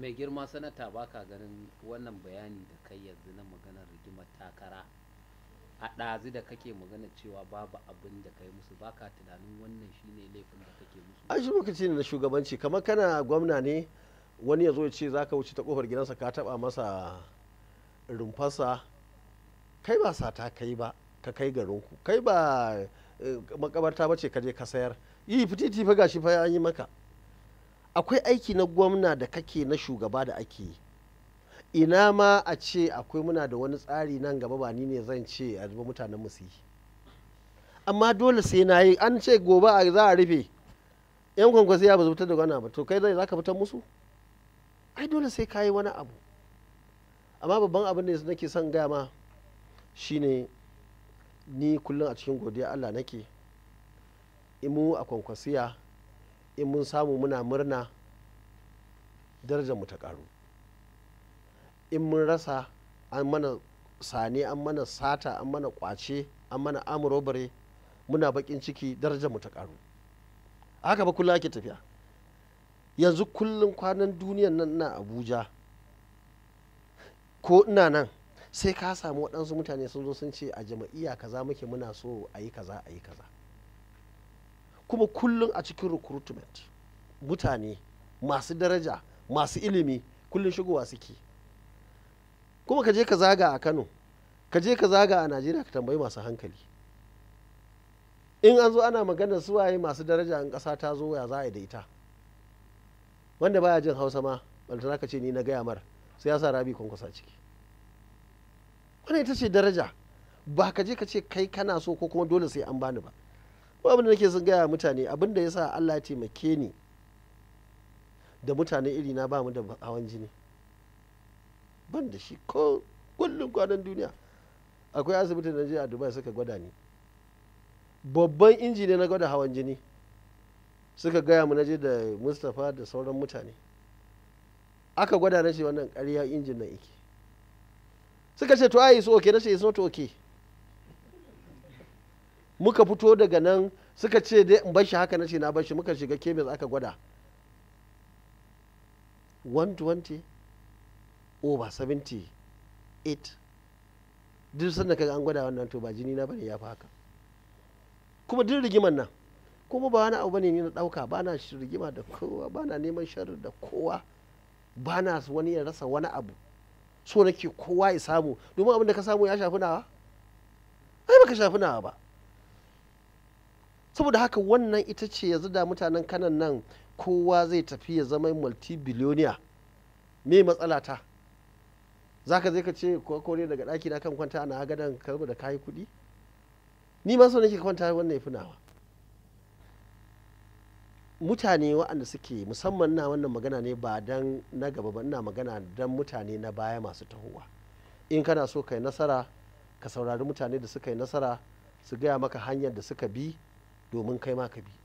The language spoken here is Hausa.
mai girma sanata baka ganin wannan bayani da kai yanzu na maganar rigimar takara a ɗazu da kake magana cewa babu abin da kai musu baka tunanin wannan shine laifin da kake musu an shi lokaci ne na shugabanci kamar kana gwamna ne wani ya zo ya ce za ka wuce ta kofar gidansa ka taba masa rumfarsa kai ba sata kai ba ka kai garinku kai ba eh, makabarta ba ce ka je ka sayar yi fititi fa gashi fa an yi maka akwai aiki na gwamna da kake na shugaba da ake yi ina ma a ce akwai muna da wani tsari nan gaba ba ni ne zan ce a zuba mutanen musu yi amma dole sai na yi an ce gobe a za a rufe yan kwankwasi ya ba fitar da wani ba to kai zai ka fitar musu ai dole sai ka yi wani abu amma babban abin da nake son gaya ma shine ni kullum a cikin godiya allah nake imu a kwankwasiya in mun samu muna murna darajar mu ta karu in mun rasa an mana sane an mana sata an mana kwace an mana amurobare muna bakin ciki darajar mu ta karu haka ba kula ake tafiya yanzu kullum kwanan duniyan nan na abuja ko ina nan sai ka samu waɗansu mutane sun zo sun ce a jama'iya kaza muke muna so a yi kaza a yi kaza kuma kullum a cikin recruitment mutane masu daraja masu ilimi kullum shigowa suke kuma ka je ka zaga a kano ka je ka zaga a najeriya ka tambayi masu hankali in an zo ana magana su waye masu daraja in ƙasa ta zo ya za a da ita wanda baya jin hausa ma baltana ka ce ni na gaya mar sai ya sa rabi kwankwasa ciki wannan ita ce daraja ba ka je ka ce kai kana so ko kuma dole sai an bani ba ko abin da nake sun gaya mutane abin da yasa Allah ya taimake ni da mutane iri na ba mu da hawan jini ban da shi ko kullum kwanan duniya akwai asibitin da je a Dubai suka gwada ni babban inji ne na gwada hawan jini suka gaya mu naje da Mustapha da sauran mutane aka gwada na shi wannan ƙarya injin nan yake suka ce to ai so okay na shi so to okay muka fito daga nan suka ce dai in bashi haka na ce na bashi muka shiga kemis aka gwada 120 over 78 duk sanda kaga an gwada wannan to ba jini na bane ya fi haka kuma duk rigiman nan kuma ba wani abu bane ni na dauka ba na rigima da kowa ba na neman sharri da kowa ba na wani ya rasa wani abu so nake kowa ya samu domin abin da ka samu ya shafi nawa ai baka shafi nawa ba saboda haka wannan ita ce ya zida mutanen kanan nan kowa zai tafi ya zama multibillionaire me matsala ta za ka zai ka ce ko ne daga ɗaki na kan kwanta ana gadan karbu da kayi kuɗi ni ma so nake kwanta wannan ya finawa mutane waɗanda suke musamman na wannan magana ne ba dan na gaba ba ina magana dan mutane na baya masu tahowa in kana so kai nasara ka saurari mutane da suka yi nasara su gaya maka hanyar da suka bi domin kai ma ka bi